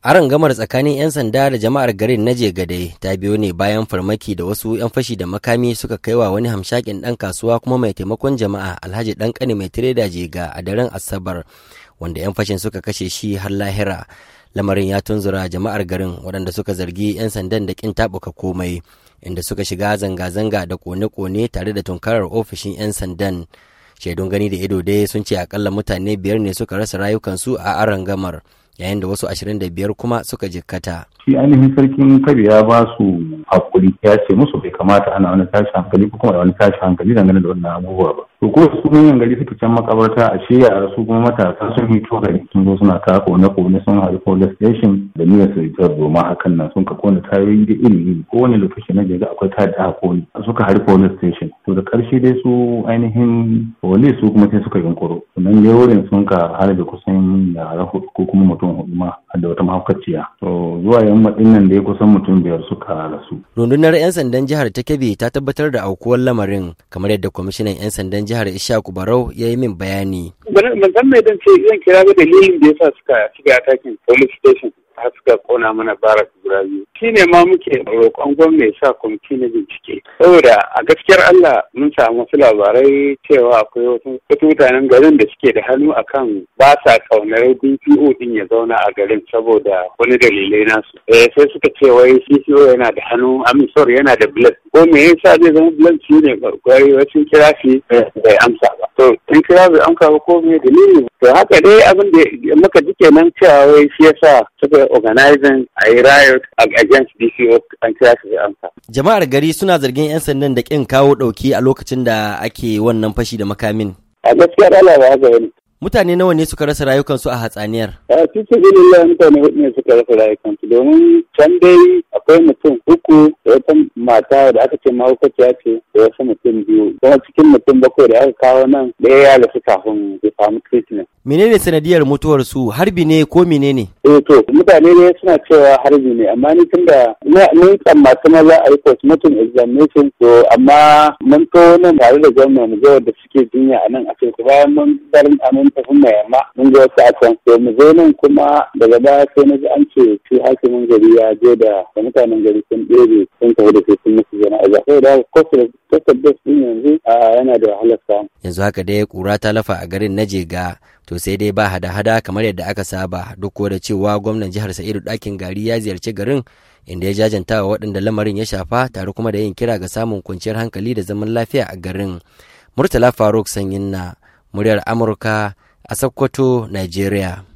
gamar tsakanin 'yan sanda da jama'ar garin na jegadai ta biyo ne bayan farmaki da wasu 'yan fashi da makami suka kai wa wani hamshakin ɗan kasuwa kuma mai taimakon jama'a alhaji ɗan ƙani mai tireda jega a daren asabar wanda 'yan fashin suka kashe shi har lahira lamarin ya tunzura jama'ar garin waɗanda suka zargi 'yan sandan da ƙin taɓuka komai inda suka shiga zanga-zanga da kone-kone tare da tunkarar ofishin 'yan sandan shaidun gani da ido dai sun ce akalla mutane biyar ne suka rasa rayukansu a arangamar yayin da wasu 25 kuma suka jikkata. Shi ainihin sarkin Kabi ya ba su hakuri ya ce musu bai kamata ana wani tashi hankali ko kuma da wani tashi hankali dangane da wannan abubuwa ba. to ko su yin gari suka can makabarta a shirya a su kuma matasa sun yi hito gari sun zo suna ta kone kone sun haɗu police station da niyyar su ritar zoma hakan nan sun ka kone tayoyi da iri iri ko wani lokaci na jirga akwai ta da kone suka haɗu police station to da ƙarshe dai su ainihin police su kuma sai suka yunkuro sannan yarorin sun ka harbe kusan yara hudu ko kuma mutum hudu ma da wata mahaukaciya to zuwa yamma ɗin nan dai kusan mutum biyar suka rasu. rundunar 'yan sandan jihar ta kebe ta tabbatar da aukuwar lamarin kamar yadda kwamishinan 'yan sandan jihar Ishaku Barau ya yi min bayani. Ban san mai dan ce zan kira ga dalilin da yasa suka shiga atakin police station har suka kona mana barak guda biyu shi ne ma muke roƙon gwamnati sa kwamiti na bincike saboda a gaskiyar Allah mun samu wasu labarai cewa akwai wasu mutanen garin da suke da hannu akan ba sa kaunar BPO din ya zauna a garin saboda wani dalilai nasu eh sai suka ce wai CCO yana da hannu Amisor yana da blood ko me yasa zai zama blood shi ne gwari wasu kira shi eh, bai amsa ba to in kira bai amsa ba ko me dalili to haka dai abin da muka ji kenan cewa wai shi yasa suka organizing a yi riot against DCO an kira su amsa. Jama'ar gari suna zargin 'yan sandan da ƙin kawo ɗauki a lokacin da ake wannan fashi da makamin. A gaskiya ala ba haka Mutane nawa ne suka rasa rayukansu a hatsaniyar? A cikin gudun mutane hudu ne suka rasa rayukansu domin can dai akwai mutum uku da wata mata da aka ce mahaukaciya ce da wasu mutum biyu kuma cikin mutum bakwai da aka kawo nan ɗaya ya rasu kafin ya samu treatment. menene sanadiyar mutuwar su harbi ne ko menene? eh to mutane ne suna cewa harbi ne amma ni tunda ni tsammata masu za a yi mutum examination to amma mun to nan tare da gwamna mu ga wanda suke jinya a nan a cikin bayan mun barin amin tafi mai yamma mun ga wasu a can to mu zo nan kuma daga baya sai na ji an ce shi hakimin gari ya je da mutanen gari sun ɗebe sun tafi da sun musu jana'a, a zaɓe da kwastar bas ɗin yanzu a yana da wahalar samu. yanzu haka dai kura ta lafa a garin na jega to sai dai ba hada-hada kamar yadda aka saba duk da cewa gwamnan jihar sa'idu ɗakin gari ya ziyarci garin inda ya jajanta wa waɗanda lamarin ya shafa tare kuma da yin kira ga samun kwanciyar hankali da zaman lafiya a garin murtala faruk sanyin na muryar amurka a sokoto nigeria